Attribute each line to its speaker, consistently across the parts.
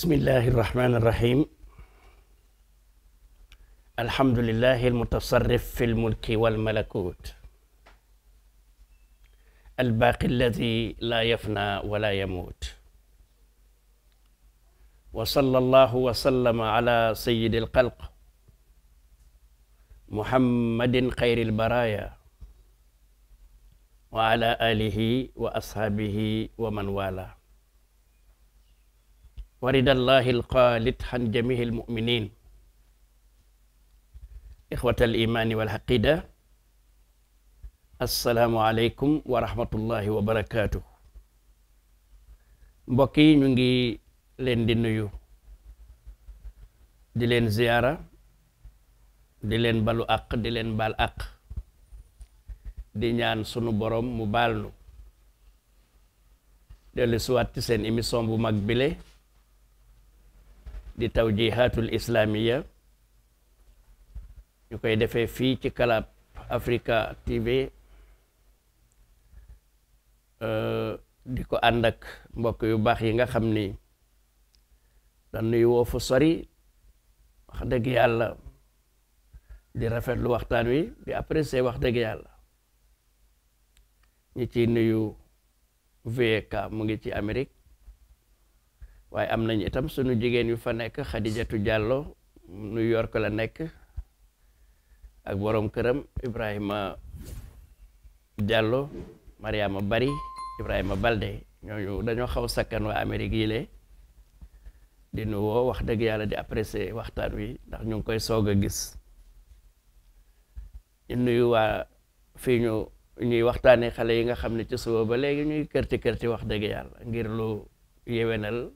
Speaker 1: بسم الله الرحمن الرحيم الحمد لله المتصرف في الملك والملكوت الباقي الذي لا يفنى ولا يموت وصلى الله وسلم على سيد الخلق محمد خير البرايا وعلى آله وأصحابه ومن والاه waridallahi alqaalit xan jamihi almuminin ixwata alimaani walxaqida assalaamu aleykum wa rahmatullahi wa barakaatu mbokk yi ñu ngi leen di nuyu di leen ziyaara di leen balu àq di leen baal àq di ñaan sunu boroom mu baal nu dellu suwaat ci seen émission bu mag bile di tawjihatul islamiya ñu koy defee fii ci Kalab Africa TV eh, di ko ànd mbokk yu baax yi nga xam ni dañuy woo fu sori wax dëgg yàlla di rafetlu waxtaan wi di apprécier wax dëgg yàlla ñi ci nuyu VK mu ngi ci Amérique waaye am nañ itam suñu jigéen yu fa nekk Khadijatu Diallo New York la nekk ak boroom këram Ibrahima Diallo Mariama Bari Ibrahima Balde ñooñu dañoo xaw sakkan waa Amérique yi le di nu woo wax dëgg yàlla di apprécier waxtaan wi ndax ñu ngi koy soog a gis ñu nuyu waa fii ñu ñuy waxtaanee xale yi nga xam ne ci suba ba léegi ñuy kërti kërti wax dëgg yàlla ngir lu yewenal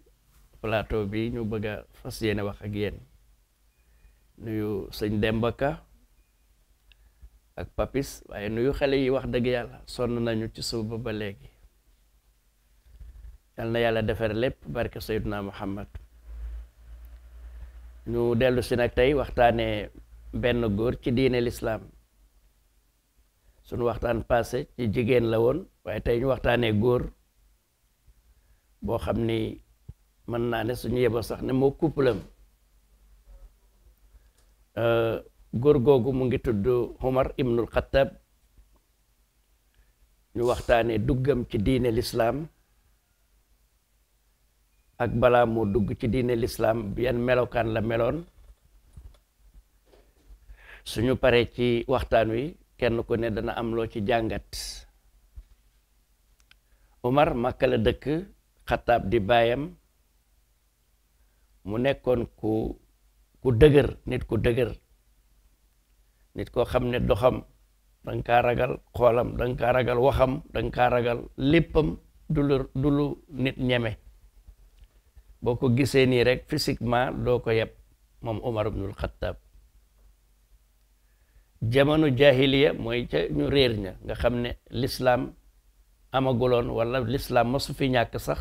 Speaker 1: plateau bi ñu bëgg a fas yéene wax ak yéen nuyu sëñ dembaka ak papis waaye nuyu xale yi wax dëgg yàlla sonn nañu ci suba ba léegi yal na yàlla defar lépp barke Seydina Muhammad ñu dellusi nag tey waxtaanee benn góor ci diine lislaam sunu waxtaan passé ci jigéen la woon waaye tey ñu waxtaanee góor boo xam ni mën naa ne suñu yeboo sax ne moo couple am euh, góor googu mu ngi tudd Omar ibnul Xattab ñu waxtaanee duggam ci diine lislaam ak balaa moo dugg ci diine lislaam yenn melokaan la meloon suñu paree ci waxtaan wi kenn ku ne dana am loo ci jàngat Omar Makka la dëkk Xattab di baayam mu nekkoon ku ku dëgër nit ku dëgër nit koo xam ne doxam danga kaa ragal xoolam danga kaa ragal waxam danga kaa ragal léppam du lu nit ñeme boo ko gisee nii rek physiquement doo ko yeb moom Umar ibnul Xattaab jamono jahiliya mooy ca ñu réer ña nga xam ne lislaam amaguloon wala lislaam masu fi ñàkk sax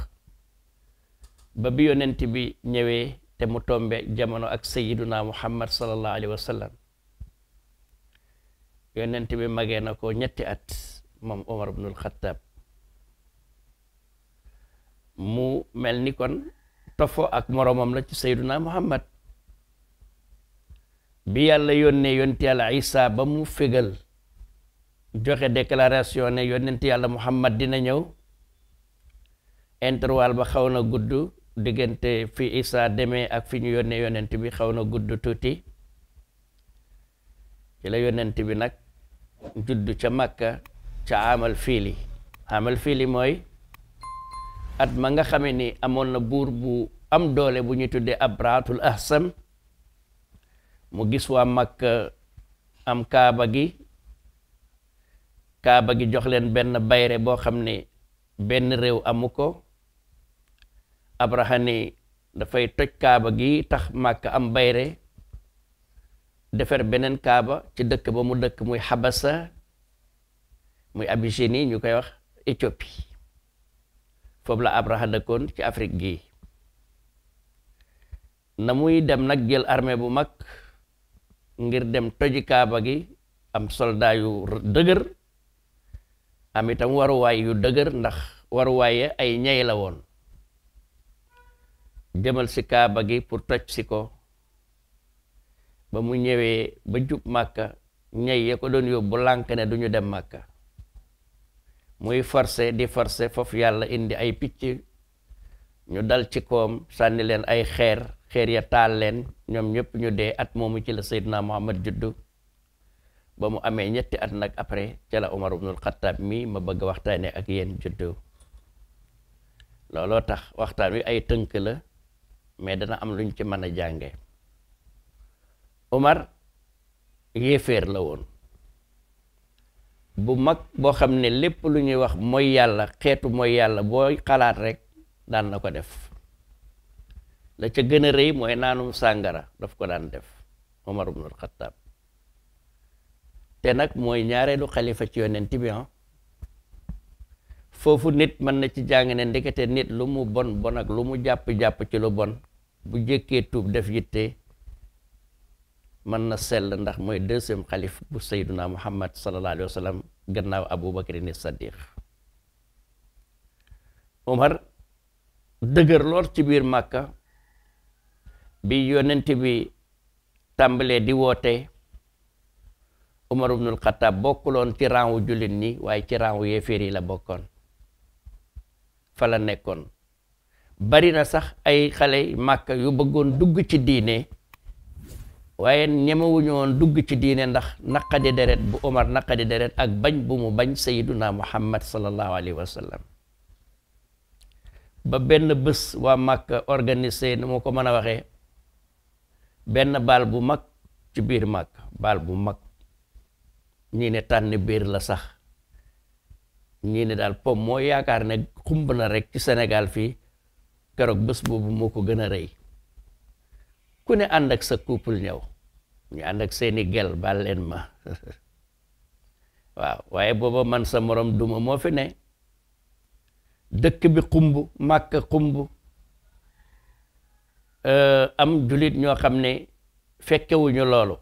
Speaker 1: ba bi yonent bi ñëwee te mu tombe jamono ak sayiduna muhammad sallallahu alayhi wa yonent bi magee na ko ñetti at moom omar ibnul xattaab mu mel ni kon tofo ak moroomam la ci sayduna muhammad bi yàlla yónnee yonent yàlla isa ba mu fégal joxe déclaration ne yonent yàlla muhammad dina ñëw intervalle ba xaw na gudd diggante fi Isa demee ak fi ñu yónnee yonent bi xaw na gudd tuuti ci la yonent bi nag judd ca Makka ca amal fiili amal fiili mooy at ma nga xame ni amoon na buur bu am doole bu ñu tuddee ab abraatul ahsam mu gis waa Makka am kaaba gi kaaba gi jox leen benn bayre boo xam ne benn réew amu ko abraha ni dafay toj kaaba gi tax màkk am bayre defar beneen kaaba ci dëkk ba mu dëkk muy xabasa muy Abyssinie ñu koy wax Éthiopie foofu la abraha dëkkoon ci Afrique gi na muy dem nag jël armée bu mag ngir dem toji kaaba gi am soldat yu dëgër am itam waruwaay yu dëgër ndax waruwaaye ay ñey la demal si kaaba gi pour toj si ko ba mu ñëwee ba jub màkka ñay ya ko doon yóbbu lànk ne du ñu dem màkka muy forcé di forcé foofu yàlla indi ay picc ñu dal ci koom sànni leen ay xeer xeer ya taal leen ñoom ñëpp ñu dee at moom ci la Seydina Muhammad juddu ba mu amee ñetti at nag après ca la Umar ibnul Xattaab mi ma bëgg waxtaanee ak yéen juddu looloo tax waxtaan wi ay tënk la mais dana am lu luñ ci mën a jànge Omar yéeféer la woon bu mag boo xam ne lépp lu ñuy wax mooy yàlla xeetu mooy yàlla booy xalaat rek daan na ko def la ca gën a rëy mooy naanum sàngara daf ko daan def Omar ibnul Xattaab te nag mooy ñaareelu xalifa ci yonent bi ah. foofu nit mën na ci jàng ne ndekete nit lu mu bon bon ak lu mu jàpp-jàpp ci lu bon bu jëkkee tuub def yitte mën na sell ndax mooy deuxième xalif bu sayduna muhammad sallallahu alayhi wa sallam gannaaw abu bakrin saddiq omar dëgër lool ci biir màkka bi yonent bi tàmbalee di woote omar ibnul xataab bokkuloon ci rang wu waaye ci rang wu yi la bokkoon fa nekkoon bari na sax ay xale màkka yu bëggoon dugg ci diine waaye ñemewuñu woon dugg ci diine ndax naqadi deret bu Omar naqadi deret ak bañ bu mu bañ sayiduna muhammad sallallahu alayhi wa sallam ba benn bés waa màkka organisé nu ma ko mën a waxee benn baal bu mag ci biir màkka baal bu mag ñii ne tànn biir la sax ñii ne daal pom moo yaakaar ne xumb na rek ci Sénégal fii keroog bés boobu moo ko gën a rëy ku ne ànd ak sa couple ñëw ñu ànd ak seeni gel bal leen ma waaw waaye booba man sa morom duma moo fi ne dëkk bi xumb màkk xumb am jullit ñoo xam ne fekkewuñu loolu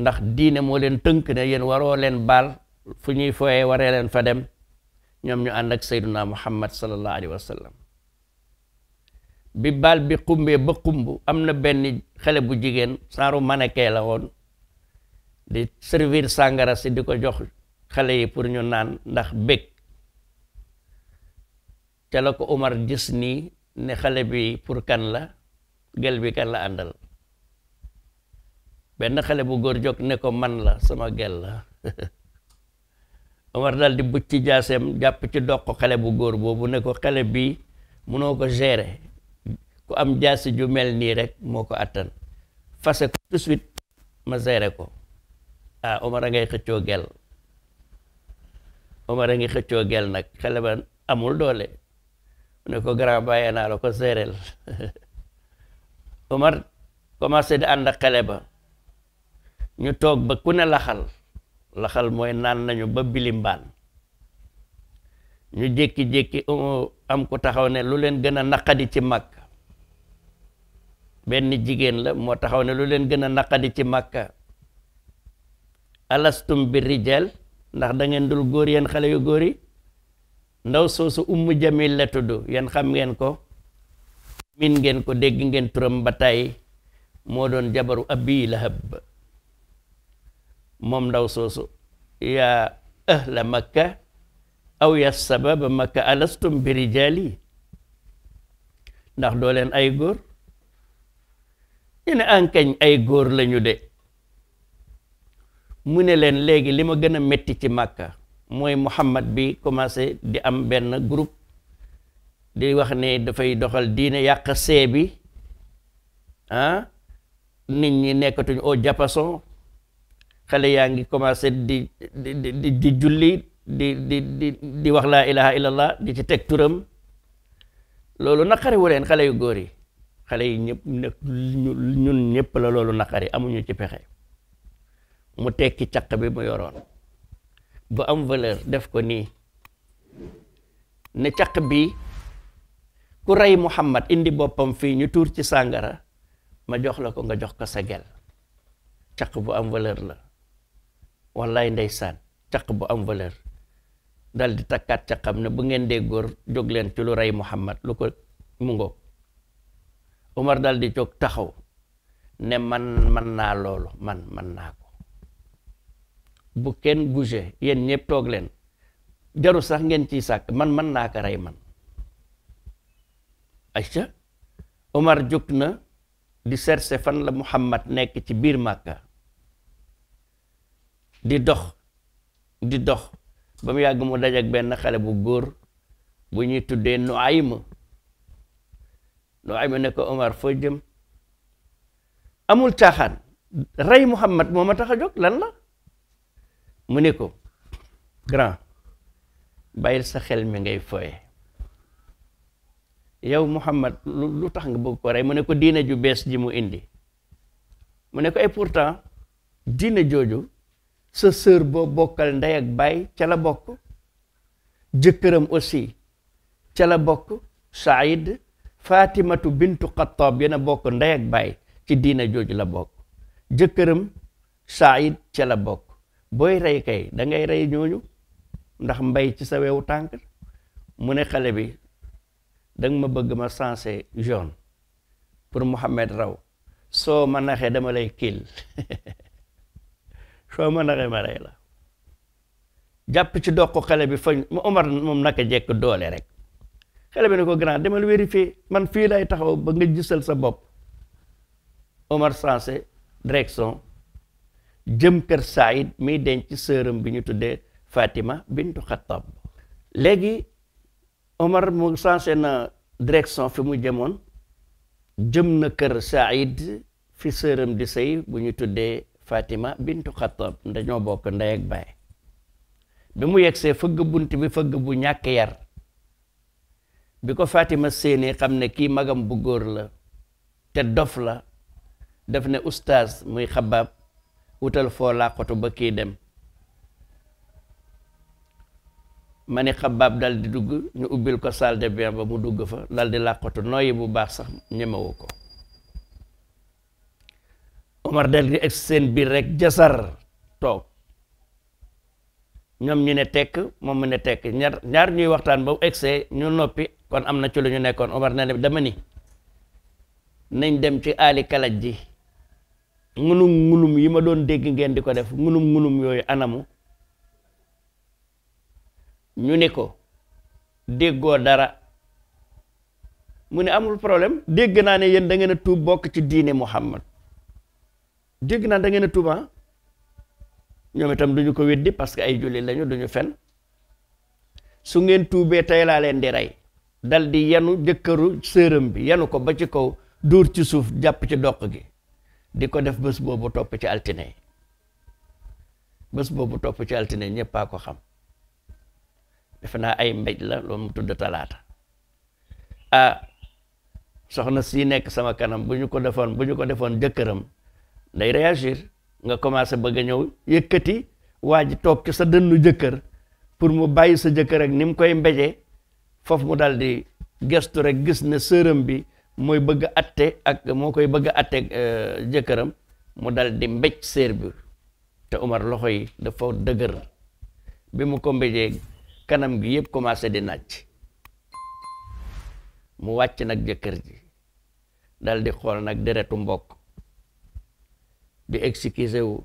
Speaker 1: ndax diine moo leen tënk ne yéen waroo leen baal fu ñuy fooyee waree leen fa dem ñoom ñu ànd ak sayduna muhammad sallallahu alayhi wa sallam bi bal bi xumbee ba xumb am na benn xale bu jigéen saaru manekee la woon di servir sàngara si di ko jox xale yi pour ñu naan ndax bég ca la ko Umar gis nii ne xale bi pour kan la gel bi kan la àndal benn xale bu góor jóg ne ko man la sama gel la Omar dal di bucc ci jaaseem jàpp ci doq xale bu góor boobu ne ko xale bi munoo ko geere ku am jaasi ju mel nii rek moo ko attan fase ko tout suite ma géré ko ah Omar a ngay xëccoo gel Omar a ngi xëccoo gel nag xale amul doole ne ko grand bàyyee naa la ko seereel Omar commencé di ànd ak xale ba ñu toog ba ku ne laxal laxal mooy naan nañu ba bilimbaan ñu jékki-jékki am ku taxaw ne lu leen gën a naqadi ci mag benn jigéen la moo taxaw ne lu leen gën a naqadi ci màkka alastum bi rijal ndax dangeen dul góor yéen xale yu góor yi ndaw soosu ummu jamil la tudd yéen xam ngeen ko min ngeen ko dégg ngeen turam ba tàyyi moo doon jabaru abi lahab moom ndaw soosu ya ahla makka aw ya sababa makka alastum bi rijali ndax doo leen ay góor ñu ne ankañ ay góor lañu de mu ne leen léegi li ma gën a metti ci màkka mooy Muhammad bi commencé di am benn groupe di wax ne dafay doxal diine yàq see bi ah nit ñi nekkatuñu au diapason xale yaa ngi commencé di di di di julli di di di di wax laa ilaha la di ci teg turam loolu naqariwu leen xale yu góor yi xale yi ñëpp nekk ñun ñëpp la loolu naqari amuñu ci pexe mu tekki caq bi mu yoroon bu am valeur def ko nii ne caq bi ku rey Muhammad indi boppam fii ñu tuur ci sàngara ma jox la ko nga jox ko sa gel caq bu am valeur la wallaay ndeysaan caq bu am valeur dal di takkaat caqam ne bu ngeen dee góor jóg leen ci lu rey Muhammad lu ko mu ngoog Omar dal di jóg taxaw ne man man naa loolu man man naa ko bu kenn bouger yéen ñëpp toog leen jaru sax ngeen ciy sàkk man man naa ko rey man ayca Omar jóg na di chercher fan la Muhammad nekk ci biir Màkka di dox di dox ba mu yàgg mu dajak benn xale bu góor bu ñuy tuddee Nuaym nooy ma ne ko Omar foo jëm amul caaxaan rey Muhammad moo ma tax a jog lan la mu ne ko grand bàyyil sa xel mi ngay foye yow Muhammad lu tax nga bëgg ko rey mu ne ko diina ju bees ji mu indi mu ne ay et pourtant diina jooju sa sœur boo bokkal ndey ak baay ca la bokk jëkkëram aussi ca la bokk Saïd fatimatu bintu xattaab yéen a bokk ndey ak baay ci diina jooju la bokk jëkkëram said ca la bokk booy rey kay da ngay rey ñooñu ndax mbay ci sa wewu tànk mu ne xale bi danga ma bëgg ma sensé jaune pour Mouhamed raw soo ma naxee dama lay kill soo ma naxee ma rey la jàpp ci doq xale bi fañ mu Omar moom naka jekk doole rek xale bi ne ko grand demal vérifier man fii lay taxaw ba nga gisal sa bopp Omar Sansé direction jëm kër Saïd mi denc sëram bi ñu tuddee Fatima bintu Xattab léegi Omar mu Sansé na direction fi mu jëmoon jëm na kër Saïd fi sëram di sëy bu ñu tuddee Fatima bintu Xattab dañoo bokk ndey ak baay bi mu yegsee fëgg bunt bi fëgg bu ñàkk yar bi ko Fatima séenee xam ne kii magam bu góor la te dof la daf ne ustaas muy xabaab wutal foo làqatu ba kii dem ma ne xabaab dal di dugg ñu ubbil ko salle de bain ba mu dugg fa dal di làqatu nooyi bu baax sax ñemewu ko Omar dal di egsi seen biir rek jasar toog ñoom ñu ne tekk moom mu ne tekk ñaar ñaar ñuy waxtaan ba mu egsee ñu noppi kon am na ci lu ñu nekkoon na ne dama ni nañ dem ci aali kalaj ji ngunum ngunum yi ma doon dégg ngeen di ko def ngunum ngunum yooyu anamu ñu ni ko déggoo dara mu ne amul problème dégg naa ne yéen da ngeen a tuub bokk ci diine Muhammad dégg naa da ngeen a tuub ah ñoom itam duñu ko weddi parce que ay jullit lañu duñu fen su ngeen tuubee tey laa leen di rey dal di yenu jëkkëru séeram bi yenu ko ba ci kaw duur ci suuf jàpp ci doq gi di ko def bës boobu topp ci altine bés boobu topp ci altine ñëppaa ko xam defe naa ay mbej la loo mu tudd talaata ah soxna si nekk sama kanam bu ñu ko defoon bu ñu ko defoon jëkkëram day réagir nga commencé bëgg a ñëw yëkkati waa ji toog ci sa dënnu jëkkër pour mu bàyyi sa jëkkër ak ni mu koy mbéjee foofu mu daal di gestu rek gis ne sërëm bi mooy bëgg a atte ak moo koy bëgg a atte euh, jëkkëram mu dal di mbéj séer bi te Umar loxo yi dafa dëgër bi mu ko mbéjee kanam gi yëpp commencé di nàcc mu wàcc nag jëkkër ji dal di xool nag deretu mbokk di excusé wu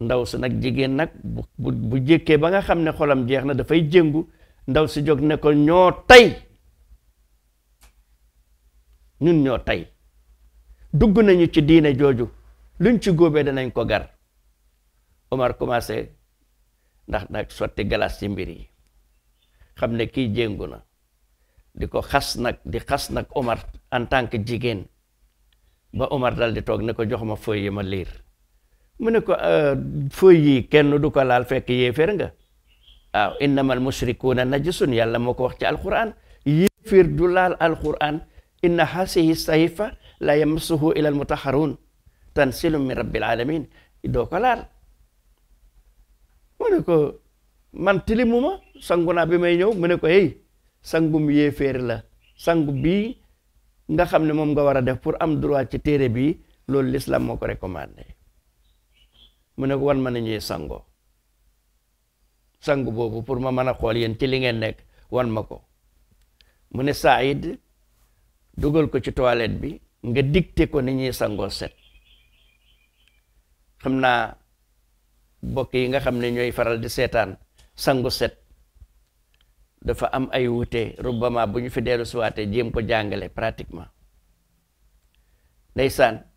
Speaker 1: ndaw si nag jigéen nag bu bu jékkee ba nga xam ne xolam jeex na dafay jëngu ndaw si jóg ne ko ñoo tey ñun ñoo tey dugg nañu ci diine jooju luñ ci góobee nañ ko gar Omar commencé ndax nag sotti galas ci mbir yi xam ne kii jéngu na di ko xas nag di xas nag Omar en tant que jigéen ba Omar dal di toog ne ko jox ma feuille yi ma liir mu ne ko euh, feuille yi kenn du ko laal fekk fer nga waaw innamal mushrikuuna najasun yàlla moo ko wax ci alquran yéeféer du laal alquran inna hasihi sayfa la yamassuhu ila almutaharun tansilum min rabbil alamin doo ko laal mu ko man tilimuma sangu naa bi may ñëw mu ne ko hey sangum yéeféer la sangu bi nga xam ne moom nga war a def pour am droit ci téere bii loolu l'islam moo ko recommandé mu ne ko wan ma ne ñuy sango sang boobu pour ma mën a xool yéen ci li ngeen nekk wan ma ko mu ne saayit dugal ko ci toilet bi nga dicté ko ni ñuy sangoo set xam naa bokk yi nga xam ne ñooy faral di seetaan sangu set dafa am ay wuute rubama bu ñu fi dellu siwaate jéem ko jàngale pratiquement ndeysaan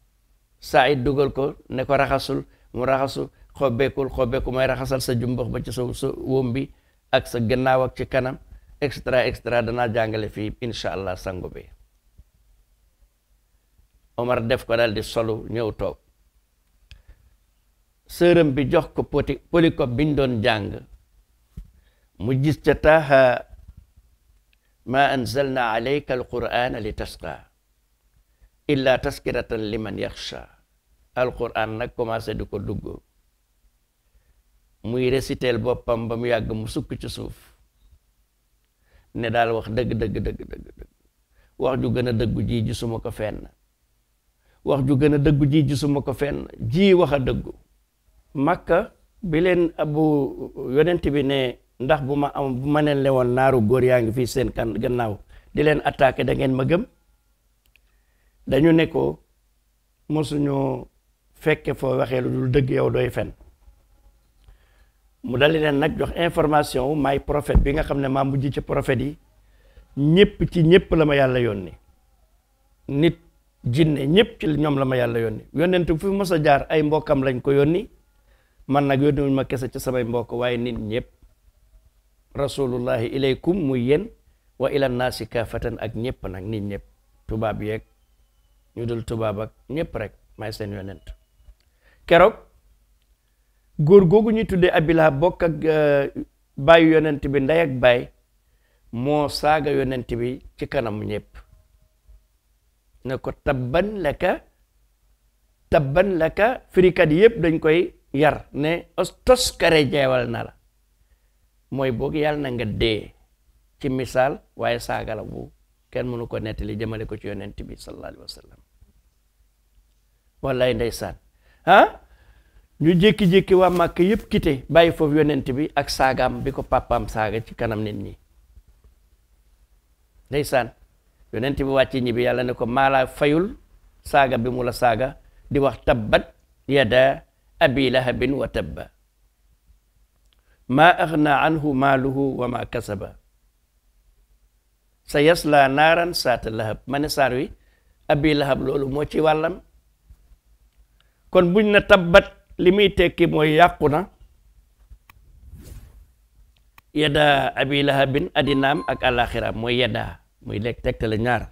Speaker 1: Saïd dugal ko ne ko raxasul mu raxasul xobbeekul xobbeeku mooy raxasal sa jumbox ba ci sa sa bi ak sa gannaaw ak ci kanam extra extra danaa jàngale fii incha allah sangu bi Omar def ko daal di solu ñëw toog sërëm bi jox ko poti polycop biñ doon jàng mu jis ca taaha ma anzalna alayka alqur'ana li tasqa illa taskiratan liman yaxsha alqur'an nag commencé di ko dugg muy réciteel boppam ba mu yàgg mu sukk ci suuf ne daal wax dëgg dëgg dëgg dëgg wax ju gën a dëggu jii gisuma ko fenn wax ju gën a dëggu ji gisuma ko fenn ji wax a dëggu makka bi leen abu yonent bi ne ndax bu ma am bu ma neen le woon naaru góor yaa ngi fii seen kan gannaaw di leen attaqué da ngeen ma gëm dañu ne ko mosuñu fekke foo waxee lu dul dëgg yow dooy fen mu dal leen nag jox information wu maay profet bi nga xam ne maa mujj ci profet yi ñëpp ci ñëpp la ma yàlla yónni nit jinne ñëpp ci ñoom la ma yàlla yónni yónnent fu mos a jaar ay mbokkam lañ ko yónni man nag yónniwuñ ma kese ci samay mbokk waaye nit ñëpp rasulullahi ilaykum mu yéen wa ila naasi kaafatan ak ñëpp nag ni ñëpp tubaab yeeg ñu dul tubaab ak ñëpp rek maay seen yónnent keroog góor googu ñuy tuddee abila bokk ak euh, baayu yonent bi ndey ak baay moo saaga yonent bi ci kanam ñëpp nga ko tabban laka tabban laka firikat yëpp dañ koy yar ne tos kare jeewal na la mooy boog yàlla na nga dee ci misaal waaye saaga la bu kenn mënu ko nettali jëmale ko ci yonent bi sallallahu alayhi wa sallam wallaay ndeysaan ñu jékki-jékki waa màkk yépp quitté bàyyi foofu yonent bi ak saagaam bi ko pàppaam saaga ci kanam nit ñi ndeysaan yonent bi wàcce ñi bi yàlla ne ko maalaa fayul saaga bi mu la saaga di wax tabbat yada abi lahabin wa tabba maa axna anhu maaluhu wa maa kasaba sa yasla naaran saata lahab ma ne saar wi abi lahab loolu moo ci wàllam kon buñ na tabbat li muy tekki mooy yàqu na yedda abi lahabin adinaam ak alaxiraam mooy yedda mooy lekk tegtale ñaar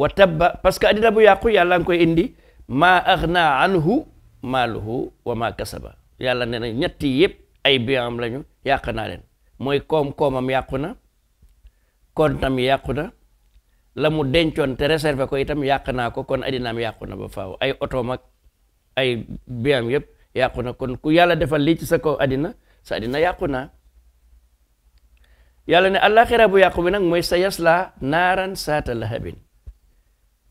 Speaker 1: wa tabba parce que addina bu yàqu yàlla nga koy indi maa aghna anhu maaluhu wa ma kasaba yàlla ne na ñetti yëpp ay biam lañu yàq naa leen mooy koom-koomam yàqu na kontam yàqu na la mu dencoon te réservé ko itam yàq naa ko kon addinaam yàqu na ba faaw ay otoom ak ay biam yëpp yàqu na kon ku yàlla defal lii ci sa kaw àddina sa àddina yàqu na yàlla ne àllaaxira bu yàqu bi nag mooy sa yasla naaran saata lahabin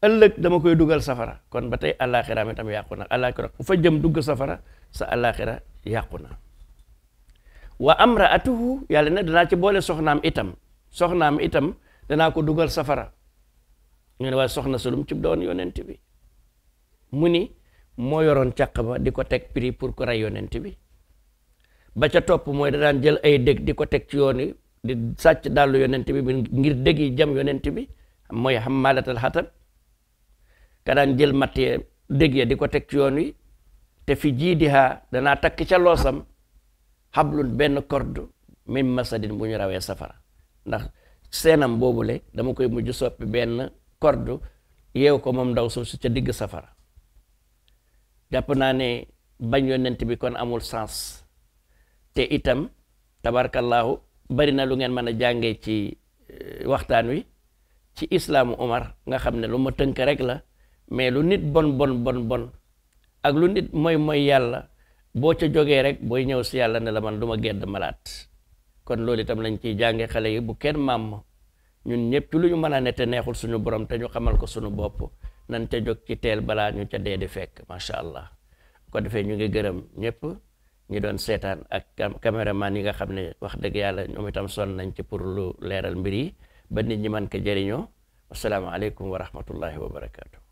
Speaker 1: ëllëg dama koy dugal safara kon ba tey àllaaxira mi tam yàqu na àllaaxira ku fa jëm dugg safara sa àllaaxira yàqu na wa amraatuhu yàlla ne danaa ci boole soxnaam itam soxnaam itam danaa ko dugal safara ñu ne waaye soxna sulum ci doon yonent bi mu ni moo yoroon càq ba di ko teg prix pour ko rey yonent bi ba ca topp mooy da daan jël ay dég di ko teg ci yoon yi di sàcc dàllu yonent bi ngir dég jam yonent bi mooy xammaalatal xatab ka daan jël matt ya dég ya di ko teg ci yoon wi te fi jii di haa danaa takk ca loosam xablun benn corde min masadin bu ñu rawee safara ndax seenam boobule dama koy mujj soppi benn corde yeew ko moom ndaw suuf si ca digg safara jàpp naa ne bañ yonent bi kon amul sens te itam tabarkallaahu bari na lu ngeen mën a jàngee ci euh, waxtaan wi ci islaamu Omar nga xam ne lu ma tënk rek la mais lu nit bon bon bon ak lu nit mooy mooy yàlla boo ca jógee rek booy ñëw si yàlla ne la man duma ma gedd malaat kon loolu itam lañ ciy jàngee xale yi bu kenn maam ñun ñëpp ci lu ñu mën a ne te neexul suñu borom te ñu xamal ko suñu bopp nante ca jóg ci teel balaa ñu ca dee di fekk macha allah ko defee ñu ngi gërëm ñëpp ñi doon seetaan ak caméraman yi nga xam ne wax dëgg yàlla ñoom itam sonn nañ ci pour lu leeral mbir yi ba nit ñi mën ko jëriñoo asalaamaaleykum wa rahmatullahi wa barakaatu.